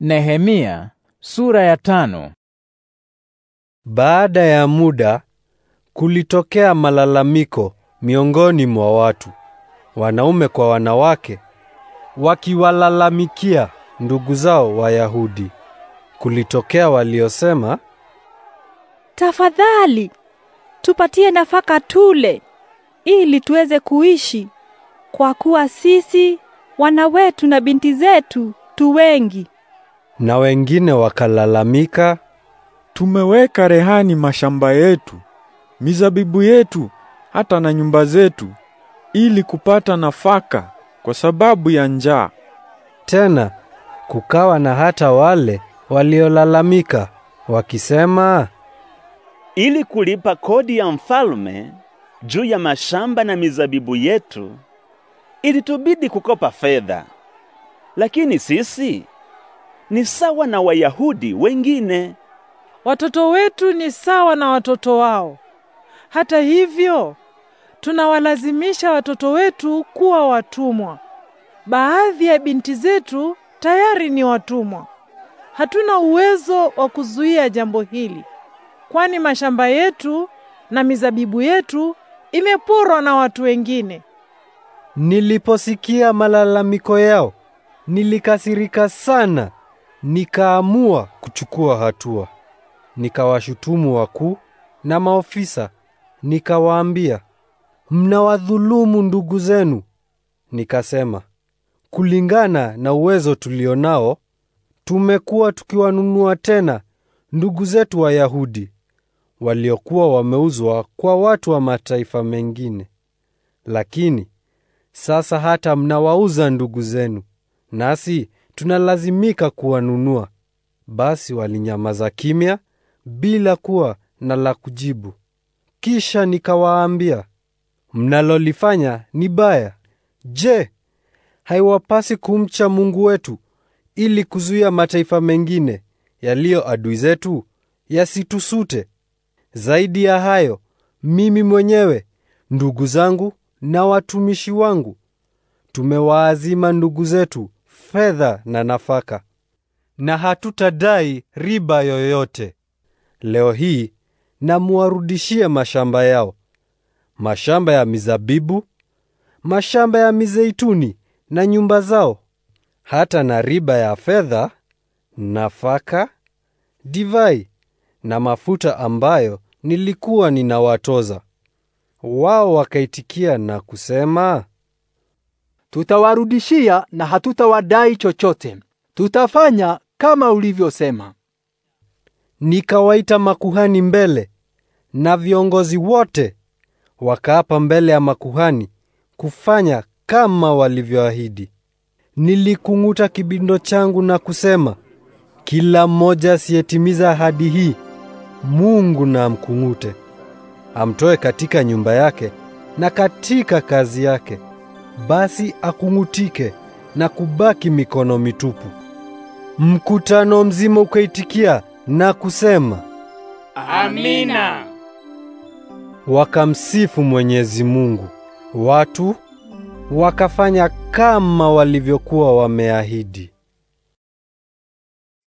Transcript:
Nehemia sura ya tano. Baada ya muda kulitokea malalamiko miongoni mwa watu wanaume kwa wanawake wakiwalalamikia ndugu zao Wayahudi. Kulitokea waliosema, tafadhali tupatie nafaka tule ili tuweze kuishi, kwa kuwa sisi wana wetu na binti zetu tu wengi na wengine wakalalamika, tumeweka rehani mashamba yetu, mizabibu yetu, hata na nyumba zetu, ili kupata nafaka kwa sababu ya njaa. Tena kukawa na hata wale waliolalamika wakisema, ili kulipa kodi ya mfalme juu ya mashamba na mizabibu yetu, ilitubidi kukopa fedha, lakini sisi ni sawa na Wayahudi wengine. Watoto wetu ni sawa na watoto wao. Hata hivyo, tunawalazimisha watoto wetu kuwa watumwa. Baadhi ya binti zetu tayari ni watumwa. Hatuna uwezo wa kuzuia jambo hili, kwani mashamba yetu na mizabibu yetu imeporwa na watu wengine. Niliposikia malalamiko yao, nilikasirika sana. Nikaamua kuchukua hatua. Nikawashutumu wakuu na maofisa, nikawaambia, mnawadhulumu ndugu zenu. Nikasema, kulingana na uwezo tulionao tumekuwa tukiwanunua tena ndugu zetu Wayahudi waliokuwa wameuzwa kwa watu wa mataifa mengine. Lakini sasa hata mnawauza ndugu zenu, nasi tunalazimika kuwanunua. Basi walinyamaza kimya bila kuwa na la kujibu. Kisha nikawaambia, mnalolifanya ni baya. Je, haiwapasi kumcha Mungu wetu ili kuzuia mataifa mengine yaliyo adui zetu yasitusute? Zaidi ya hayo, mimi mwenyewe, ndugu zangu na watumishi wangu, tumewaazima ndugu zetu fedha na nafaka, na hatutadai riba yoyote. Leo hii na muwarudishie mashamba yao, mashamba ya mizabibu, mashamba ya mizeituni na nyumba zao, hata na riba ya fedha, nafaka, divai na mafuta ambayo nilikuwa ninawatoza. Wao wakaitikia na kusema, tutawarudishia na hatutawadai chochote. Tutafanya kama ulivyosema. Nikawaita makuhani mbele na viongozi wote wakaapa mbele ya makuhani kufanya kama walivyoahidi. Nilikung'uta kibindo changu na kusema, kila mmoja asiyetimiza ahadi hii Mungu na amkung'ute, amtoe katika nyumba yake na katika kazi yake basi akung'utike na kubaki mikono mitupu. Mkutano mzima ukaitikia na kusema amina. Wakamsifu Mwenyezi Mungu. Watu wakafanya kama walivyokuwa wameahidi.